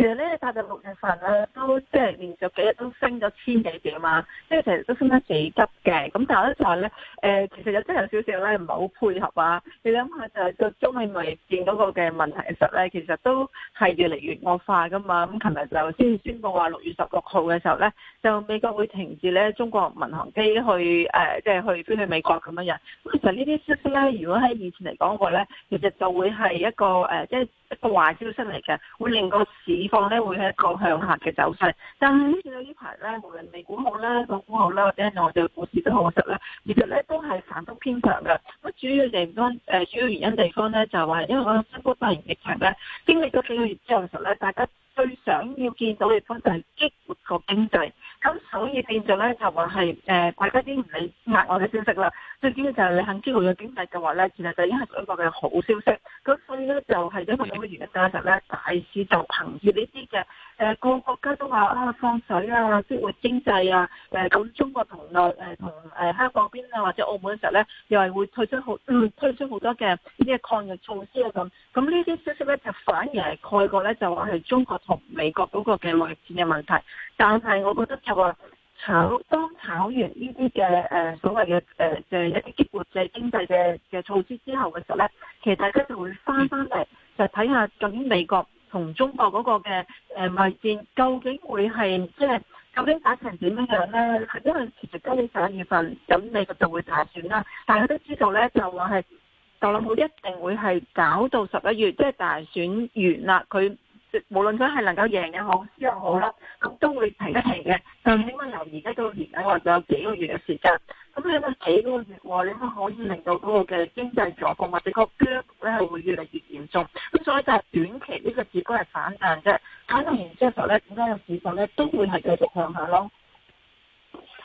其實咧，大概六月份啊，都即係連續幾日都升咗千幾點嘛，即係其實都升得幾急嘅。咁但係咧就係咧，誒、呃，其實真有啲人少少咧唔係好配合啊。你諗下就係個中美貿戰嗰個嘅問題嘅時候呢，實咧其實都係越嚟越惡化噶嘛。咁琴日就先宣佈話六月十六號嘅時候咧，就美國會停止咧中國民航機去誒、呃，即係去飛去美國咁樣樣。咁其實呢啲消息咧，如果喺以前嚟講過咧，其實就會係一個誒、呃，即係一個壞消息嚟嘅，會令個市。放咧會係一個向下嘅走勢，但係呢，見到呢排咧，無論美股好啦、港股好啦，或者內地股市都好實啦，其實咧都係反覆偏強嘅。咁主要地方誒主要原因地方咧就係話，因為我新冠肺炎疫情咧，經歷咗幾個月之後嘅時候咧，大家最想要見到嘅方向係激活個經濟。所以變咗咧就話係誒，大家已啲唔理額外嘅消息啦。最主要就係你肯激活經濟嘅話咧，其實就已經係一個嘅好消息。咁所以咧就係因為咁嘅原因，其實咧大市就憑住呢啲嘅誒個國家都話啊放水啊激活經濟啊誒咁、呃、中國同內誒同誒香港邊啊或者澳門嘅時候咧，又係會推出好推、嗯、出好多嘅呢啲抗疫措施啊咁。咁呢啲消息咧就反而係蓋過咧就話係中國同美國嗰個嘅貿易戰嘅問題。但係，我覺得就話炒，當炒完呢啲嘅誒所謂嘅誒嘅一啲激活嘅經濟嘅嘅措施之後嘅時候咧，其實大家就會翻翻嚟就睇下，究竟美國同中國嗰個嘅誒貿易戰究竟會係即係究竟打成點樣樣啦？因為其實今年十一月份咁，美國就會大選啦。但係大家都知道咧，就話係特朗普一定會係搞到十一月，即係大選完啦，佢。無論佢係能夠贏又好輸又好啦，咁都會停一停嘅。但係起碼由而家到年底，或者有幾個月嘅時間。咁你諗下幾個月，你可可以令到嗰個嘅經濟狀況或者個 gap 咧係會越嚟越嚴重。咁所以就係短期呢個隻股係反彈啫，反彈完之後咧，點解有市況咧都會係繼續向下咯？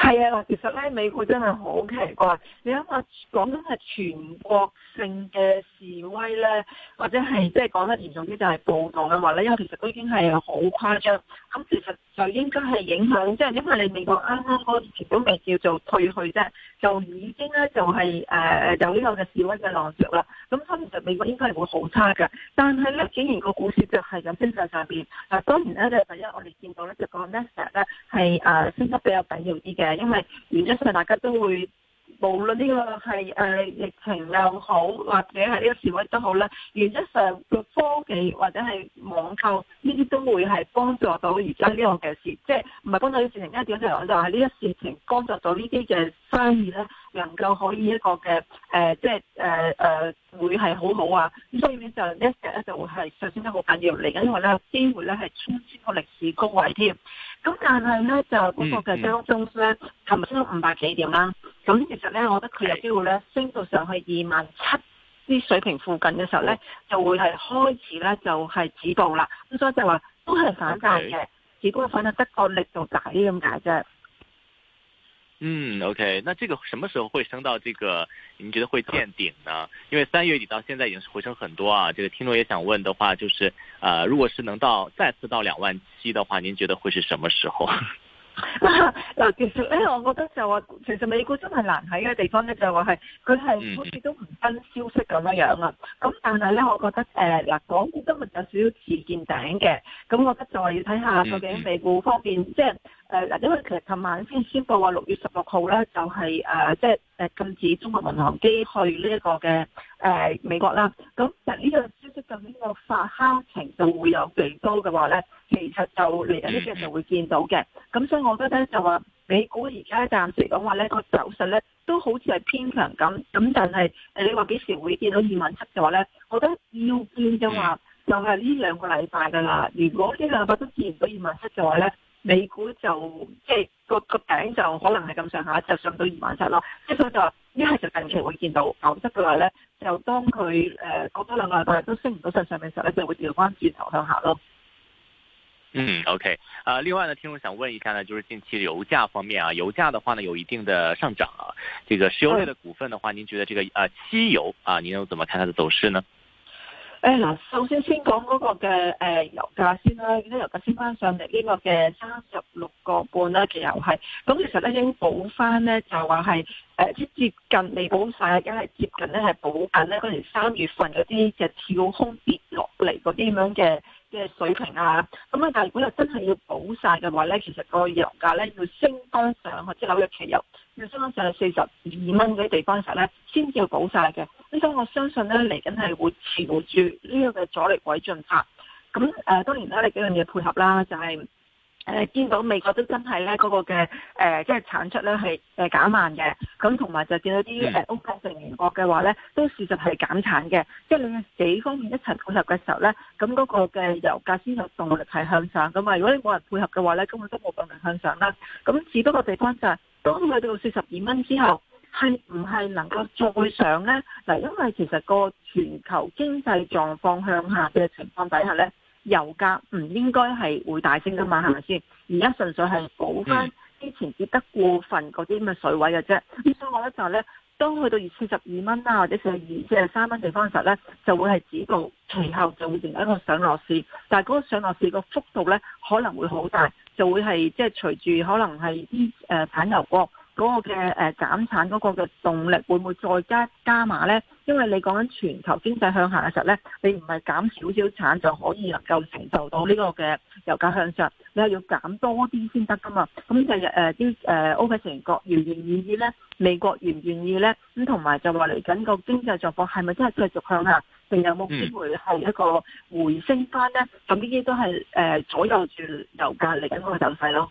係啊，嗱，其實咧，美國真係好奇怪。你諗下，講緊係全國性嘅示威咧，或者係即係講得嚴重啲就係暴動嘅話咧，因為其實都已經係好誇張。咁其實就應該係影響，即係因為你美國啱啱嗰時都未叫做退去啫，就已經咧就係誒有呢個嘅示威嘅浪潮啦。咁所以其實美國應該係會好差嘅，但係咧，竟然個股市就係咁升上上邊，嗱，當然咧，第一我哋見到咧就個 Nasdaq 咧係誒升得比較緊要啲嘅。誒，因為原則上大家都會，無論呢個係誒、呃、疫情又好，或者係呢個示威都好啦，原則上個科技或者係網購呢啲都會係幫助到而家呢個嘅事，即係唔係幫助啲事情，而係點就係我就話呢一事情幫助到呢啲嘅生意咧，能夠可以一個嘅誒、呃，即係誒誒，會係好好啊。咁所以咧就呢一隻咧就會係上升得好緊要，嚟緊因為咧機會咧係衝穿個歷史高位添。咁但係咧，就嗰個嘅張中咧，琴日升到五百幾點啦。咁其實咧，我覺得佢有機會咧升到上去二萬七啲水平附近嘅時候咧，就會係開始咧就係、是、止步啦。咁所以就話都係反彈嘅，只不過反彈得個力度大啲咁解啫。嗯，OK，那這個什麼時候會升到這個？你覺得會見頂呢？嗯、因為三月底到現在已經回升很多啊。這個聽眾也想問的話，就是，呃，如果是能到再次到兩萬七的話，您覺得會是什麼時候？嗱、 嗯，其實咧，我覺得就話，其實美股真係難喺嘅地方咧，就話係佢係好似都唔分消息咁樣樣啊。咁但係咧，我覺得，誒，嗱，港股今日有少少似見頂嘅，咁我覺得就話要睇下究竟美股方面，即係。誒嗱，因為其實琴晚先宣布話六月十六號咧就係、是、誒、啊、即係誒禁止中國民航機去呢一個嘅誒、啊、美國啦。咁其實呢個消息究竟個發酵程度會有幾高嘅話咧，其實就嚟緊啲人就會見到嘅。咁所以我覺得就話美股而家暫時講話咧個走勢咧都好似係偏強咁。咁但係誒你話幾時會見到二萬七嘅話咧，我覺得要見嘅話就係呢兩個禮拜噶啦。如果呢兩個禮拜都見唔到二萬七嘅話咧。美股就即係個個頂就可能係咁上下，就上到二萬七咯。即係佢就一係就近期會見到，否則嘅話咧就當佢誒、呃、過多兩日、三日都升唔到上上面嘅時候咧，就會掉翻轉頭向下咯。嗯，OK。啊，另外呢，聽眾想問一下呢，就是近期油價方面啊，油價的話呢，有一定的上漲啊。這個石油類的股份的話，您覺得這個啊，汽油啊，您又怎麼看它的走勢呢？誒嗱，首先先講嗰個嘅誒油價先啦，而家油價升翻上嚟呢、這個嘅三十六個半啦嘅又係，咁其實咧應補翻咧就話係誒即接近未補晒，而家係接近咧係補緊咧嗰年三月份嗰啲嘅跳空跌落嚟嗰啲咁樣嘅嘅水平啊，咁咧但係如果又真係要補晒嘅話咧，其實個油價咧要升翻上去即係紐約期油要升翻上去四十二蚊嗰啲地方嘅時候咧，先至要補晒嘅。呢種我相信咧嚟緊係會持住呢個嘅阻力位進發，咁誒當然啦，你、呃、幾樣嘢配合啦，就係、是、誒、呃、見到美國都真係咧嗰個嘅誒、呃、即係產出咧係誒減慢嘅，咁同埋就見到啲誒歐佩克成員國嘅話咧都事實係減產嘅，即係你幾方面一齊配合嘅時候咧，咁嗰個嘅油價先有動力係向上咁嘛，如果你冇人配合嘅話咧，根本都冇動力向上啦，咁、嗯、只不過地方就係當去到四十二蚊之後。係唔係能夠再上呢？嗱，因為其實個全球經濟狀況向下嘅情況底下呢，油價唔應該係會大升噶嘛，係咪先？而家純粹係補翻之前跌得過份嗰啲咁嘅水位嘅啫。咁所以話呢，就呢當去到二四十二蚊啊，或者四十二、四十三蚊地方嘅時候呢，就會係止步，其後就會成為一個上落市。但係嗰個上落市個幅度呢，可能會好大，就會係即係隨住可能係啲誒產油國。嗰個嘅誒減產嗰個嘅動力會唔會再加加碼咧？因為你講緊全球經濟向下嘅時候咧，你唔係減少少產就可以能夠承受到呢個嘅油價向上，你係要減多啲先得噶嘛。咁就誒啲誒 OPEC 成國願唔願意咧？美國願唔願意咧？咁同埋就話嚟緊個經濟狀況係咪真係繼續向下，仲有冇機會係一個回升翻咧？咁呢啲都係誒、呃、左右住油價嚟緊嗰個走勢咯。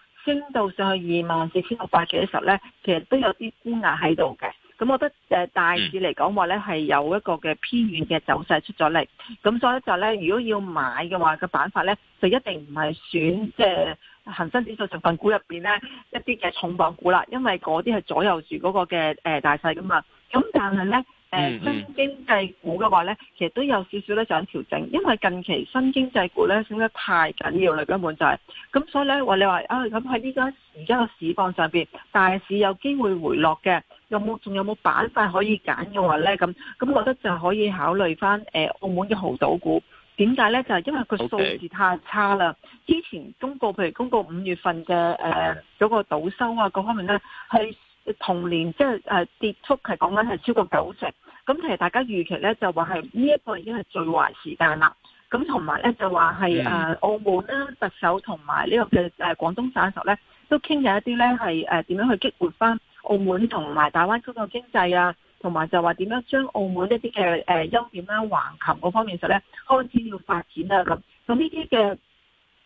升到上去二萬四千六百幾嘅時候咧，其實都有啲烏壓喺度嘅。咁我覺得誒大致嚟講話咧，係有一個嘅偏遠嘅走勢出咗嚟。咁所以就咧，如果要買嘅話嘅板法咧，就一定唔係選即係恆生指數成分股入邊咧一啲嘅重磅股啦，因為嗰啲係左右住嗰個嘅誒大勢噶嘛。咁但係咧。誒，嗯嗯，新經濟股嘅話咧，其實都有少少咧想調整，因為近期新經濟股咧升得太緊要啦，根本就係、是，咁所以咧話你話啊，咁喺呢家而家個市況上邊，大市有機會回落嘅，有冇仲有冇板塊可以揀嘅話咧？咁咁，我覺得就可以考慮翻誒，澳門嘅濠賭股，點解咧？就係、是、因為佢數字太差啦，Okay. 之前公告，譬如公告五月份嘅誒嗰個賭收啊各、那個、方面咧係。同年即係誒跌速係講緊係超過九成，咁其實大家預期咧就話係呢一個已經係最壞時間啦。咁同埋咧就話係誒澳門啦、啊，特首同埋呢個嘅誒廣東省嘅時候咧，都傾緊一啲咧係誒點樣去激活翻澳門同埋大灣區個經濟啊，同埋就話點樣將澳門一啲嘅誒優點啦、啊、橫琴嗰方面嘅時候咧，開始要發展啊。咁。咁呢啲嘅。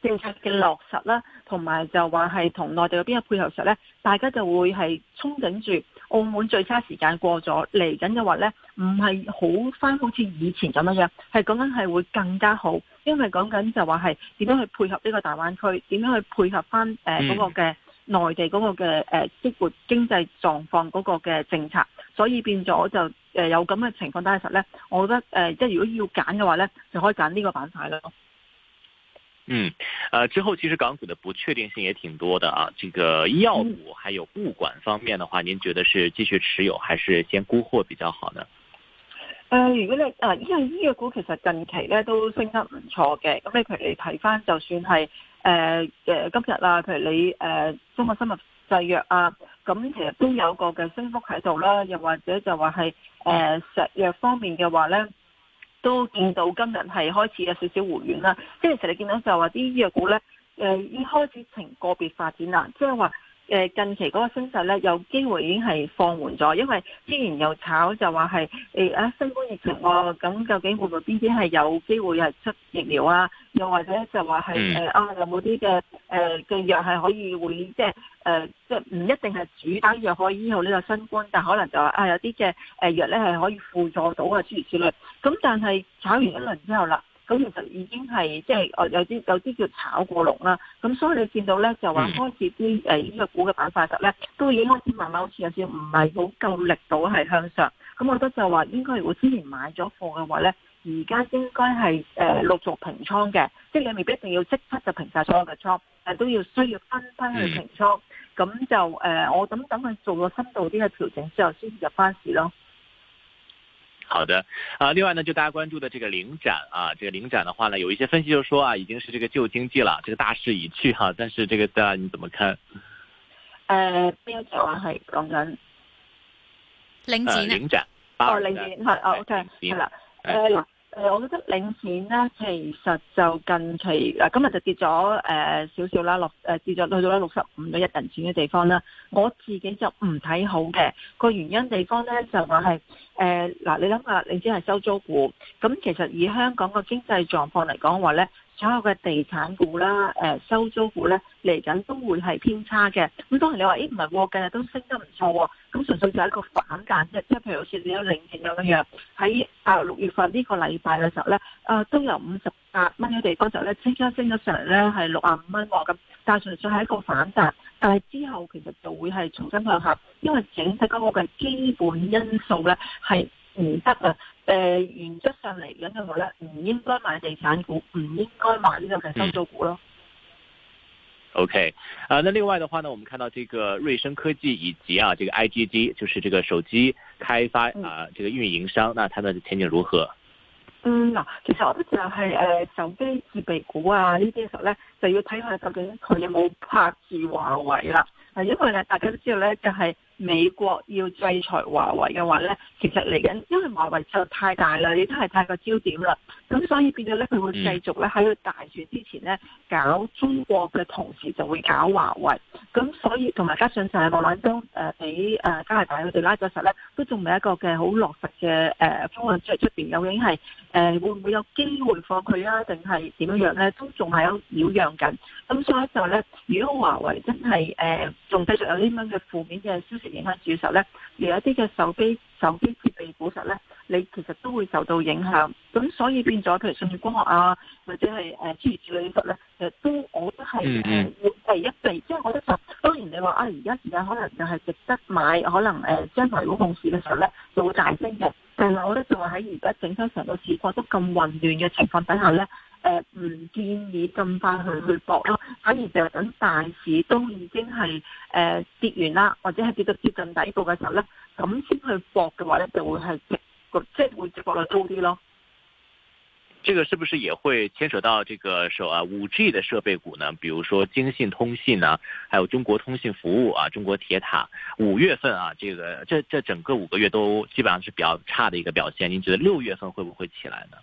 政策嘅落實啦，同埋就話係同內地嗰邊嘅配合時候咧，大家就會係憧憬住澳門最差時間過咗嚟緊嘅話咧，唔係好翻好似以前咁樣樣，係講緊係會更加好，因為講緊就話係點樣去配合呢個大灣區，點樣去配合翻誒嗰個嘅內地嗰個嘅誒激活經濟狀況嗰個嘅政策，所以變咗就誒有咁嘅情況底下實咧，我覺得誒即係如果要揀嘅話咧，就可以揀呢個板塊咯。.嗯，呃之後其實港股的不確定性也挺多的啊，這個醫藥股還有物管方面的話，您覺得是繼續持有還是先沽貨比較好呢？誒、呃，如果你啊，因為醫藥股其實近期咧都升得唔錯嘅，咁你譬如你睇翻，就算係誒誒今日啦，譬如你誒中國生物製藥啊，咁其實都有個嘅升幅喺度啦，又或者就話係誒石藥方面嘅話咧。都見到今日係開始有少少回暖啦，即係其實你見到就係話啲醫藥股咧，誒、呃、已經開始呈個別發展啦，即係話。誒，近期嗰個升勢咧，有機會已經係放緩咗。因為之前又炒就話係誒啊新冠疫情咁、哦、究竟會唔會邊啲係有機會係出疫苗啊？又或者就話係誒啊有冇啲嘅誒嘅藥係可以會、呃、即係誒即係唔一定係主打藥可以醫好呢個新冠，但可能就話啊有啲嘅誒藥咧係可以輔助到啊諸如此類。咁但係炒完一輪之後啦。咁其實已經係即係我有啲有啲叫炒過龍啦，咁所以你見到咧就話開始啲誒呢個股嘅板塊集咧，都已經開始慢慢好似有少唔係好夠力度係向上，咁我覺得就話應該如果之前買咗貨嘅話咧，而家應該係誒陸續平倉嘅，即係你未必一定要即刻就平晒所有嘅倉，誒、呃、都要需要分批去平倉，咁就誒、呃、我咁等佢做個深度啲嘅調整之後先入翻市咯。好的，啊，另外呢，就大家關注的這個領展啊，這個領展的話呢，有一些分析就說啊，已經是這個舊經濟啦，這個大勢已去哈、啊。但是這個，大家你怎麼看？誒，邊句話係講緊領展啊？領展哦，領展係哦，OK 係啦。誒、mm、嗱，誒、hmm. jail.， 我覺得領展呢，其實就近期嗱，今日就跌咗誒少少啦，六……誒跌咗去到咧六十五到一銀錢嘅地方啦。我自己就唔睇好嘅，個原因地方咧就話係、mm。Hmm. 誒，嗱、呃，你諗下、啊，你只係收租股，咁、嗯、其實以香港嘅經濟狀況嚟講話咧，所有嘅地產股啦，誒、呃，收租股咧嚟緊都會係偏差嘅。咁當然你話，誒，唔係喎，近日都升得唔錯喎，咁、嗯、純粹就係一個反彈啫，即係譬如好似你有領情有咁樣。喺啊六月份呢個禮拜嘅時候咧，啊、呃，都有五十。八蚊嘅地方就咧，即刻升咗上嚟，咧，係六啊五蚊喎。咁但係純粹係一個反彈，但係之後其實就會係重新向下，因為整體嗰個嘅基本因素咧，係唔得啊。誒、呃，原則上嚟講嘅話咧，唔應該買地產股，唔應該買呢個嘅收租股咯。O K，啊，那另外嘅話呢，我們看到這個瑞聲科技以及啊，這個 I G G，就是這個手機開發啊、呃，這個運營商，那它們的前景如何？嗯嗯嗱，其實我都就係誒手機設備股啊，呢啲嘅時候咧，就要睇下究竟佢有冇拍住華為啦。係因為咧，大家都知道咧，就係、是。美國要制裁華為嘅話咧，其實嚟緊，因為華為就太大啦，亦都係太過焦點啦。咁所以變咗咧，佢會繼續咧喺佢大選之前咧搞中國嘅同時，就會搞華為。咁所以同埋加上就係孟晚舟誒俾誒加拿大佢哋拉咗實咧，都仲未一個嘅好落實嘅誒方案出嚟。出、呃、邊，究竟經係誒會唔會有機會放佢啊？定係點樣樣咧？都仲係有擾攘緊。咁所以就咧，如果華為真係誒仲繼續有啲咁嘅負面嘅消息，影響估值咧，而 ster 有啲嘅手機、手機設備估值咧，你其實都會受到影響。咁所以變咗，譬如舜宇光學啊，或者係誒諸如此類嘅咧，其實都我都係誒要第一避。即係我覺得就當然，你話啊而家時間可能就係值得買，可能誒將來如果控市嘅時候咧，就會大升嘅。但係我覺得，就話喺而家整張成個市況都咁混亂嘅情況底下咧。誒，唔、呃、建議咁快去去搏咯，反而就等大市都已經係誒、呃、跌完啦，或者係跌到接近底部嘅時候咧，咁先去搏嘅話咧，就會係即係會接概率高啲咯。這個是不是也會牽涉到這個，啊，五 G 的設備股呢？比如說京信通信啊，還有中國通信服務啊，中國鐵塔，五月份啊，這個這這整個五個月都基本上是比較差的一個表現。你覺得六月份會不會起來呢？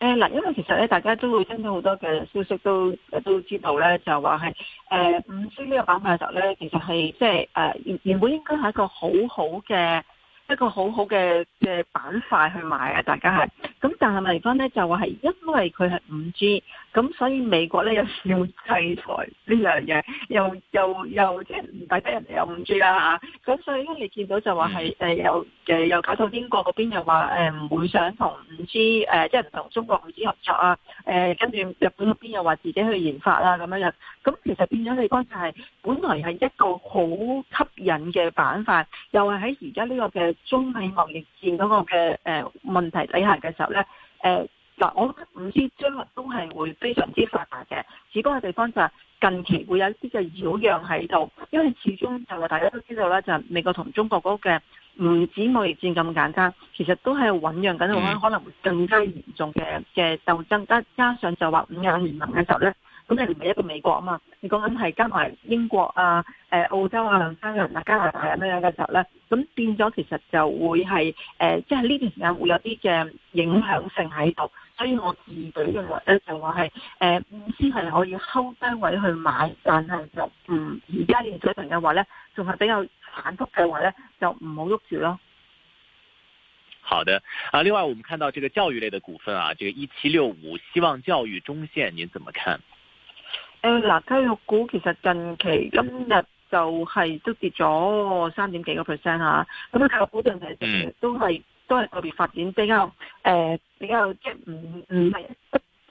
誒嗱、嗯，因為其實咧，大家都會聽到好多嘅消息都，都都知道咧，就話係誒，五 G 呢個板塊就咧，其實係即係誒，原本應該係一個好好嘅。一個好好嘅嘅板塊去買啊！大家係咁，但係嚟翻咧就話係因為佢係五 G，咁所以美國咧有少少制裁呢樣嘢，又又又即係唔抵得人哋有五 G 啦、啊、吓。咁所以而家你見到就話係誒有誒又搞到英國嗰邊又話誒唔會想同五 G 誒、呃、即係唔同中國五 G 合作啊。誒跟住日本嗰邊又話自己去研發啦、啊、咁樣樣。咁其實變咗嚟講就係本來係一個好吸引嘅板塊，又係喺而家呢個嘅。中美貿易戰嗰個嘅誒問題底下嘅時候咧，誒、呃、嗱，我覺得五 G 將來都係會非常之發達嘅。只嗰個地方就係近期會有一啲嘅擾攘喺度，因為始終就話大家都知道啦，就係、是、美國同中國嗰個嘅唔止貿易戰咁簡單，其實都係醞釀緊可能可能會更加嚴重嘅嘅鬥爭。加加上就話五眼聯盟嘅時候咧。咁你唔係一個美國啊嘛？你講緊係加埋英國啊、誒、呃、澳洲啊、兩三人啊、加拿大啊咩嘅時候咧，咁、嗯、變咗其實就會係誒、呃，即係呢段時間會有啲嘅影響性喺度。所以我自己認為咧，就話係唔知係可以睺低位去買，但係就唔而家現水平嘅話咧，仲係比較反覆嘅話咧，就唔好喐住咯。好的啊，另外我們看到這個教育類嘅股份啊，這個一七六五希望教育中線，您怎麼看？誒、嗱、呃，教育股其實近期今日就係都跌咗三點幾個 percent 吓，咁啊，教育股近期都係、mm. 都係個別發展比較誒、呃，比較即係唔唔係一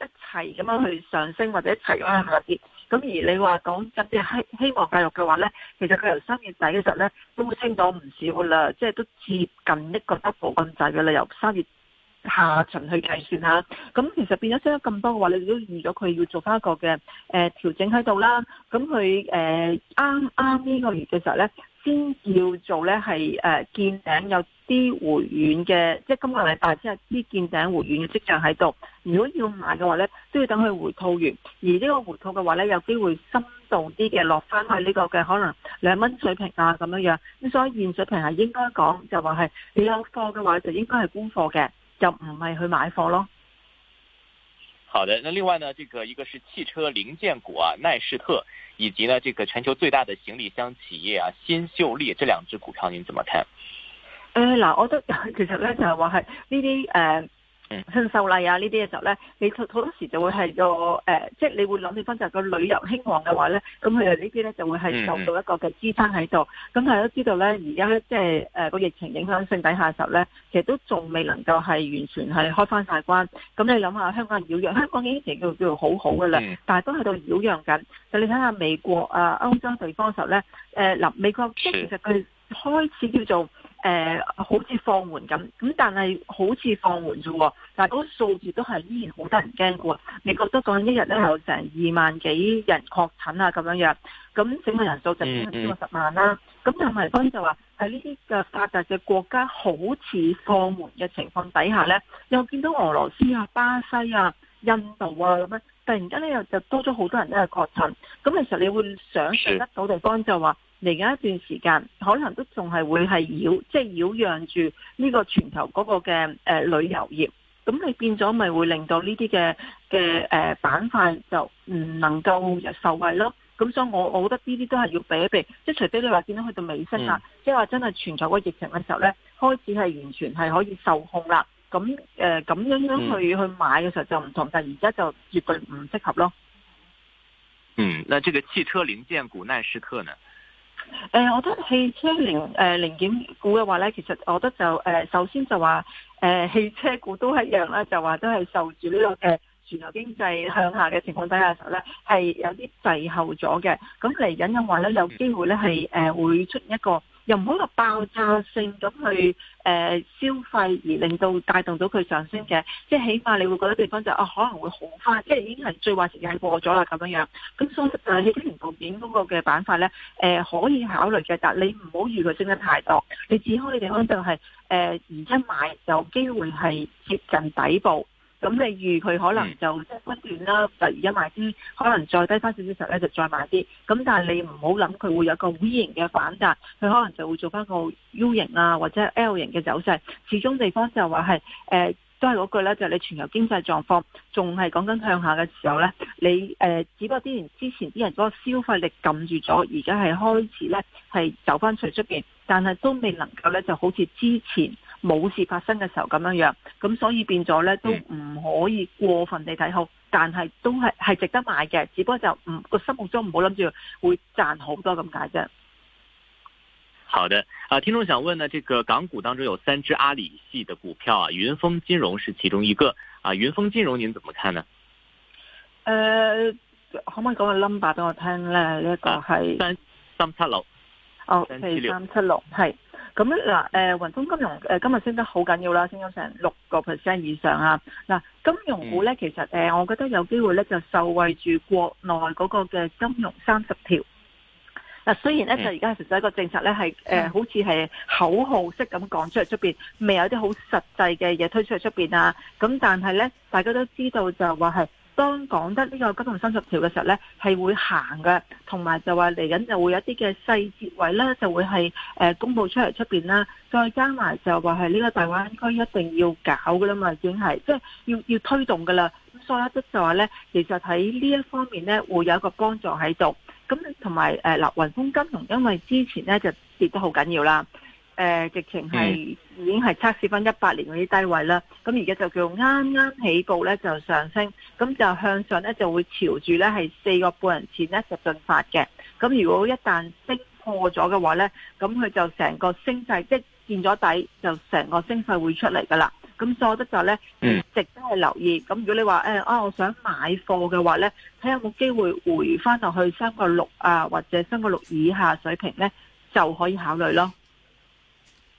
一齊咁樣去上升或者一齊咁樣下跌，咁而你話講緊即係希希望教育嘅話咧，其實佢由三月底嘅時候咧都升咗唔少噶啦，即係都接近一個 double 咁滯嘅啦，由三月。下旬去計算嚇，咁其實變咗升得咁多嘅話，你都預咗佢要做翻一個嘅誒、呃、調整喺度啦。咁佢誒啱啱呢個月嘅時候咧，先叫做咧係誒見頂有啲回軟嘅，即係今日禮拜之後啲見頂回軟嘅跡象喺度。如果要買嘅話咧，都要等佢回吐完。而呢個回吐嘅話咧，有機會深度啲嘅落翻去呢個嘅可能兩蚊水平啊咁樣樣。咁所以現水平係應該講就話係你有貨嘅話，就應該係沽貨嘅。就唔係去買貨咯。好的，那另外呢？這個一個是汽車零件股啊，耐世特，以及呢這個全球最大的行李箱企業啊，新秀麗這兩隻股票，您怎麼看？誒、呃，嗱，我覺得其實呢，就係話係呢啲誒。新秀 麗啊呢啲嘅時候咧，你好多時就會係個誒，即係你會諗起翻就係個旅遊興旺嘅話咧，咁佢哋呢啲咧就會係受到一個嘅支撐喺度。咁但係都知道咧，而家即係誒個疫情影響性底下嘅時候咧，其實都仲未能夠係完全係開翻晒關。咁、嗯、你諗下香港擾攘，香港嘅疫情叫叫做好好嘅啦， 但係都喺度擾攘緊。但 你睇下美國啊、歐洲地方嘅時候咧，誒、呃、嗱，美國即係其實佢開始叫做。誒、呃，好似放緩咁，咁但係好似放緩啫，但係嗰個數字都係依然好得人驚嘅。你覺得講一日咧有成二萬幾人確診啊，咁樣樣，咁整個人數就變翻超過十萬啦。咁但係當然就話喺呢啲嘅發達嘅國家好似放緩嘅情況底下咧，又見到俄羅斯啊、巴西啊、印度啊咁樣，突然間咧又就多咗好多人咧係確診。咁其實你會想象得到地方就話。嚟緊一段時間，可能都仲係會係擾，即係擾攘住呢個全球嗰個嘅誒旅遊業。咁你變咗咪會令到呢啲嘅嘅誒板塊就唔能夠受惠咯。咁所以我我覺得呢啲都係要避一避。即係除非你話變咗去到尾升聲啦，即係話真係全球個疫情嘅時候咧，開始係完全係可以受控啦。咁誒咁樣樣去、嗯、去買嘅時候就唔同，但係而家就絕對唔適合咯。嗯，嗱呢個汽車零件股耐世特呢？誒、呃，我覺得汽車零、誒、呃、零件股嘅話咧，其實我覺得就誒、呃，首先就話誒、呃，汽車股都係一樣啦，就話都係受住呢個誒全球經濟向下嘅情況底下嘅時候咧，係有啲滯後咗嘅。咁嚟緊嘅話咧，嗯、有機會咧係誒會出一個。又唔好個爆炸性咁去誒、呃、消費，而令到帶動到佢上升嘅，即係起碼你會覺得地方就是、啊可能會好返，即係已經係最壞時刻過咗啦咁樣樣。咁所以誒疫情盤點嗰個嘅板塊咧，誒、呃、可以考慮嘅，但係你唔好預佢升得太多。你只可以地方就係、是、誒，而、呃、家買有機會係接近底部。咁你預佢可能就即係不斷啦，就而家買啲，可能再低翻少少時候咧就再買啲。咁但係你唔好諗佢會有個 V 型嘅反彈，佢可能就會做翻個 U 型啊或者 L 型嘅走勢。始終地方就話係，誒、呃，都係嗰句咧，就係、是、你全球經濟狀況仲係講緊向下嘅時候咧，你誒、呃，只不過啲之前啲人嗰個消費力撳住咗，而家係開始咧係走翻出出邊，但係都未能夠咧就好似之前。冇事發生嘅時候咁樣樣，咁所以變咗咧都唔可以過分地睇好，但係都係係值得買嘅，只不過就唔個心目中唔好諗住會賺好多咁解啫。好的，啊，聽眾想問呢，這個港股當中有三隻阿里係的股票啊，雲鋒金融是其中一個啊，雲鋒金融您怎麼看呢？誒、呃，可唔可以講個 number 俾我聽咧？一個係三三七六，哦，四三七六，係。咁嗱，誒、呃，雲通金融誒、呃、今日升得好緊要啦，升咗成六個 percent 以上啊！嗱，金融股咧其實誒、呃，我覺得有機會咧就受惠住國內嗰個嘅金融三十條。嗱、啊，雖然咧就而家實際一個政策咧係誒，好似係口號式咁講出嚟出邊，未有啲好實際嘅嘢推出嚟出嚟出邊啊！咁但係咧，大家都知道就話係。當講得呢個金融三十條嘅時候呢，係會行嘅，同埋就話嚟緊就會有一啲嘅細節位呢，就會係誒公佈出嚟出面啦。再加埋就話係呢個大灣區一定要搞噶啦嘛，已經係即係要要推動噶啦。咁所以呢就話呢，其實喺呢一方面呢，會有一個幫助喺度。咁同埋誒嗱，雲鋒金融因為之前呢就跌得好緊要啦。誒，呃、直情係、mm. 已經係測試翻一八年嗰啲低位啦。咁而家就叫啱啱起步咧，就上升，咁就向上咧就會朝住咧係四個半人前咧就進發嘅。咁如果一旦升破咗嘅話咧，咁佢就成個升勢即係見咗底，就成個升勢會出嚟噶啦。咁所以我覺得就咧，嗯，mm. 值得係留意。咁如果你話誒啊，我想買貨嘅話咧，睇有冇機會回翻落去三個六啊，或者三個六以下水平咧，就可以考慮咯。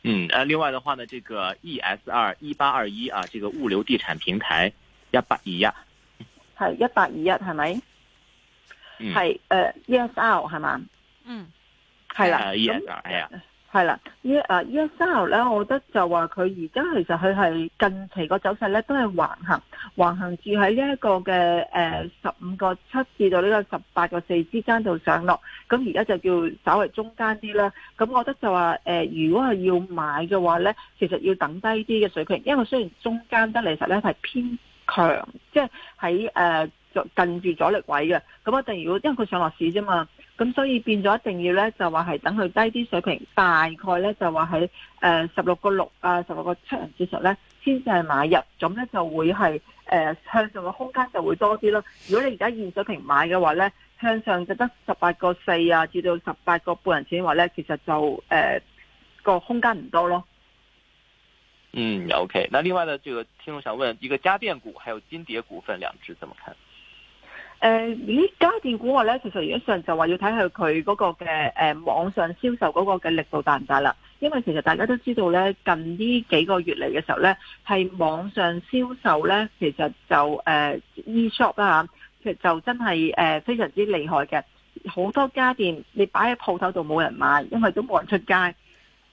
嗯，誒、呃，另外的話呢，這個 E S R 一八二一啊，這個物流地產平台一八二一，係一八二一係咪？係誒，E S R 係嘛？嗯，係、呃嗯、啦，E S R 咁係啊。嗯そ 係啦，呢啊依一周咧，我覺得就話佢而家其實佢係近期個走勢咧都係橫行，橫行住喺呢一個嘅誒十五個七至到呢個十八個四之間度上落，咁而家就叫稍為中間啲啦。咁我覺得就話誒、呃，如果係要買嘅話咧，其實要等低啲嘅水平，因為雖然中間得嚟實咧係偏強，即係喺誒近住阻力位嘅，咁我哋如果因為佢上落市啫嘛。咁所以變咗一定要咧，就話係等佢低啲水平，大概咧就話喺誒十六個六啊，十六個七人之上咧，先至係買入，咁咧就會係誒、呃、向上嘅空間就會多啲咯。如果你而家現水平買嘅話咧，向上就得十八個四啊，至到十八個半人錢嘅話咧，其實就誒、呃、個空間唔多咯。嗯，OK，那另外呢、這個，就個聽眾想問，一個家電股，還有金蝶股份兩隻，怎麼看？誒、啲、呃、家電股話咧，其實如果上就話要睇下佢嗰個嘅，誒、呃，網上銷售嗰個嘅力度大唔大啦。因為其實大家都知道咧，近呢幾個月嚟嘅時候咧，係網上銷售咧，其實就誒、呃、e shop 啦、啊、嚇，其實就真係誒、呃、非常之厲害嘅。好多家電你擺喺鋪頭度冇人買，因為都冇人出街。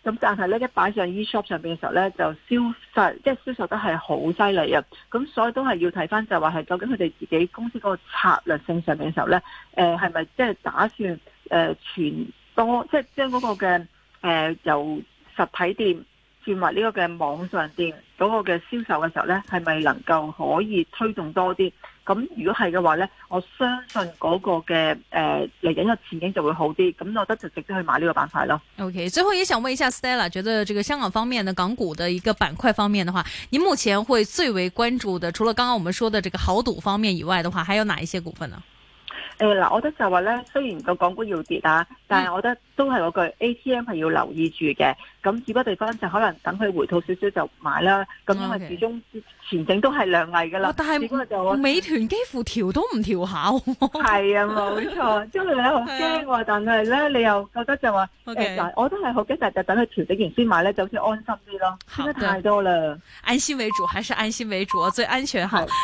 咁但係咧，一擺、e、上 eShop 上邊嘅時候咧，就銷售即係銷售得係好犀利啊！咁所以都係要睇翻，就係話係究竟佢哋自己公司嗰個策略性上面嘅時候咧，誒係咪即係打算誒全、呃、多，即係將嗰個嘅誒、呃、由實體店，兼埋呢個嘅網上店嗰個嘅銷售嘅時候呢，係咪能夠可以推動多啲？咁如果係嘅話呢，我相信嗰個嘅誒嚟緊嘅前景就會好啲。咁我覺得就值得去買呢個板塊咯。OK，最後也想問一下 Stella，覺得這個香港方面嘅港股嘅一個板塊方面嘅話，你目前會最為關注的，除了剛剛我們說的這個豪賭方面以外嘅話，還有哪一些股份呢？誒嗱、呃，我覺得就話咧，雖然個港股要跌啊，但係我覺得都係嗰句 A T M 係要留意住嘅。咁只不過地方就可能等佢回吐少少就買啦。咁因為始終前景都係亮麗噶啦。但係美團幾乎調都唔調下。係 啊，冇錯。即、就、以、是、你又驚話， 啊，但係咧你又覺得就話，誒 Okay.、欸，我都係好驚，就等佢調整完先買咧，就好似安心啲咯。跌得太多啦，安心為主，還是安心為主最安全。好。